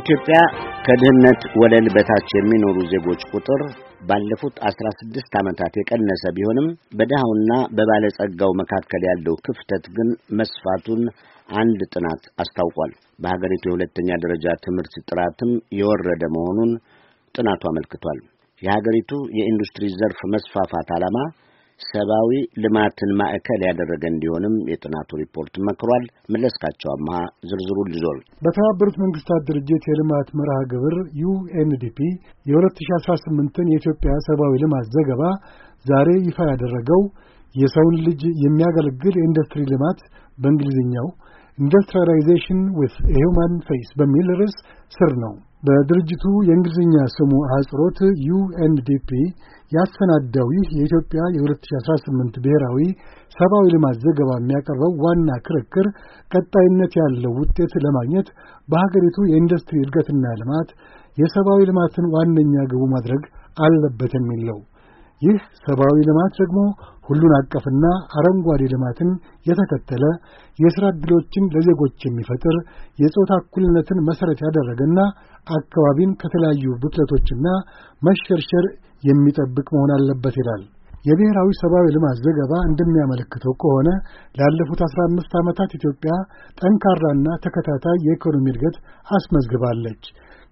በኢትዮጵያ ከድህነት ወለል በታች የሚኖሩ ዜጎች ቁጥር ባለፉት አስራ ስድስት ዓመታት የቀነሰ ቢሆንም በድሃውና በባለጸጋው መካከል ያለው ክፍተት ግን መስፋቱን አንድ ጥናት አስታውቋል። በሀገሪቱ የሁለተኛ ደረጃ ትምህርት ጥራትም የወረደ መሆኑን ጥናቱ አመልክቷል። የሀገሪቱ የኢንዱስትሪ ዘርፍ መስፋፋት ዓላማ ሰብአዊ ልማትን ማዕከል ያደረገ እንዲሆንም የጥናቱ ሪፖርት መክሯል። መለስካቸው አምሃ ዝርዝሩን ይዟል። በተባበሩት መንግስታት ድርጅት የልማት መርሃ ግብር ዩኤንዲፒ የ2018ን የኢትዮጵያ ሰብአዊ ልማት ዘገባ ዛሬ ይፋ ያደረገው የሰውን ልጅ የሚያገለግል የኢንዱስትሪ ልማት በእንግሊዝኛው ኢንዱስትሪያላይዜሽን ዊዝ ሂውማን ፌስ በሚል ርዕስ ስር ነው በድርጅቱ የእንግሊዝኛ ስሙ አህጽሮት ዩኤንዲፒ ያሰናዳው ይህ የኢትዮጵያ የ2018 ብሔራዊ ሰብአዊ ልማት ዘገባ የሚያቀርበው ዋና ክርክር ቀጣይነት ያለው ውጤት ለማግኘት በሀገሪቱ የኢንዱስትሪ እድገትና ልማት የሰብአዊ ልማትን ዋነኛ ግቡ ማድረግ አለበት የሚል ነው። ይህ ሰብአዊ ልማት ደግሞ ሁሉን አቀፍና አረንጓዴ ልማትን የተከተለ የሥራ ዕድሎችን ለዜጎች የሚፈጥር የጾታ እኩልነትን መሠረት ያደረገና አካባቢን ከተለያዩ ብክለቶችና መሸርሸር የሚጠብቅ መሆን አለበት ይላል። የብሔራዊ ሰብአዊ ልማት ዘገባ እንደሚያመለክተው ከሆነ ላለፉት አስራ አምስት ዓመታት ኢትዮጵያ ጠንካራና ተከታታይ የኢኮኖሚ እድገት አስመዝግባለች።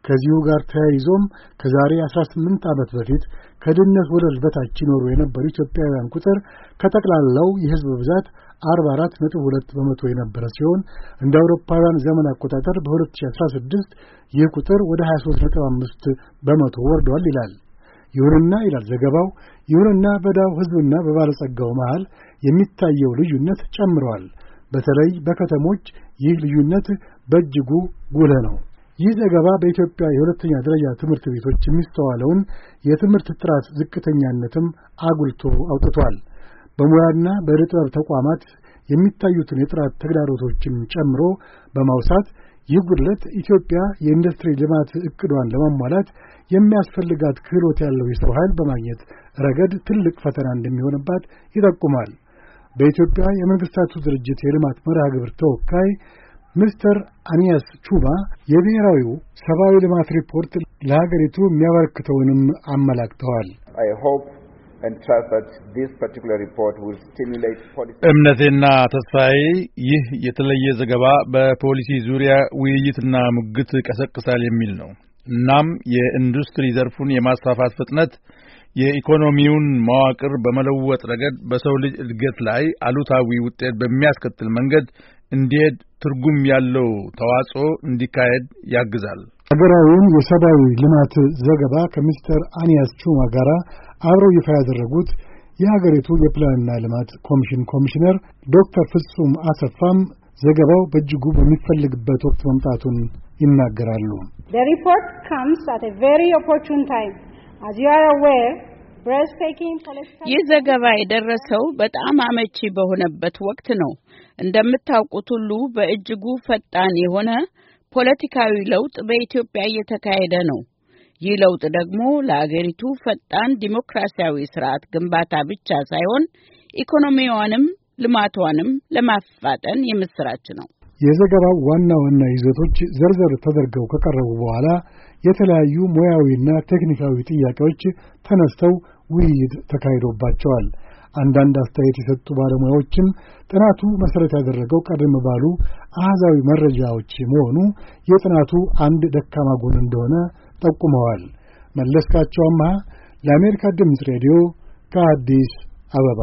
ከዚሁ ጋር ተያይዞም ከዛሬ 18 ዓመት በፊት ከድህነት ወለል በታች ይኖሩ የነበሩ ኢትዮጵያውያን ቁጥር ከጠቅላላው የሕዝብ ብዛት 44.2 በመቶ የነበረ ሲሆን እንደ አውሮፓውያን ዘመን አቆጣጠር በ2016 ይህ ቁጥር ወደ 23.5 በመቶ ወርዷል ይላል። ይሁንና ይላል ዘገባው፣ ይሁንና በዳው ሕዝብና በባለጸጋው መሃል የሚታየው ልዩነት ጨምረዋል። በተለይ በከተሞች ይህ ልዩነት በእጅጉ ጉልህ ነው። ይህ ዘገባ በኢትዮጵያ የሁለተኛ ደረጃ ትምህርት ቤቶች የሚስተዋለውን የትምህርት ጥራት ዝቅተኛነትም አጉልቶ አውጥቷል። በሙያና በርጥበብ ተቋማት የሚታዩትን የጥራት ተግዳሮቶችን ጨምሮ በማውሳት ይህ ጉድለት ኢትዮጵያ የኢንዱስትሪ ልማት እቅዷን ለማሟላት የሚያስፈልጋት ክህሎት ያለው የሰው ኃይል በማግኘት ረገድ ትልቅ ፈተና እንደሚሆንባት ይጠቁማል። በኢትዮጵያ የመንግስታቱ ድርጅት የልማት መርሃ ግብር ተወካይ ሚስተር አኒያስ ቹባ የብሔራዊው ሰብአዊ ልማት ሪፖርት ለሀገሪቱ የሚያበረክተውንም አመላክተዋል። እምነቴና ተስፋዬ ይህ የተለየ ዘገባ በፖሊሲ ዙሪያ ውይይትና ሙግት ቀሰቅሳል የሚል ነው። እናም የኢንዱስትሪ ዘርፉን የማስፋፋት ፍጥነት የኢኮኖሚውን መዋቅር በመለወጥ ረገድ በሰው ልጅ እድገት ላይ አሉታዊ ውጤት በሚያስከትል መንገድ እንዲሄድ ትርጉም ያለው ተዋጽኦ እንዲካሄድ ያግዛል። ሀገራዊውን የሰብአዊ ልማት ዘገባ ከሚስተር አንያስ ቹማ ጋር አብረው ይፋ ያደረጉት የሀገሪቱ የፕላንና ልማት ኮሚሽን ኮሚሽነር ዶክተር ፍጹም አሰፋም ዘገባው በእጅጉ በሚፈልግበት ወቅት መምጣቱን ይናገራሉ። ይህ ዘገባ የደረሰው በጣም አመቺ በሆነበት ወቅት ነው። እንደምታውቁት ሁሉ በእጅጉ ፈጣን የሆነ ፖለቲካዊ ለውጥ በኢትዮጵያ እየተካሄደ ነው። ይህ ለውጥ ደግሞ ለአገሪቱ ፈጣን ዲሞክራሲያዊ ስርዓት ግንባታ ብቻ ሳይሆን ኢኮኖሚዋንም ልማቷንም ለማፋጠን የምስራች ነው። የዘገባው ዋና ዋና ይዘቶች ዘርዘር ተደርገው ከቀረቡ በኋላ የተለያዩ ሙያዊና ቴክኒካዊ ጥያቄዎች ተነስተው ውይይት ተካሂዶባቸዋል። አንዳንድ አስተያየት የሰጡ ባለሙያዎችም ጥናቱ መሠረት ያደረገው ቀደም ባሉ አሕዛዊ መረጃዎች መሆኑ የጥናቱ አንድ ደካማ ጎን እንደሆነ ጠቁመዋል። መለስካቸው አምሃ ለአሜሪካ ድምፅ ሬዲዮ ከአዲስ አበባ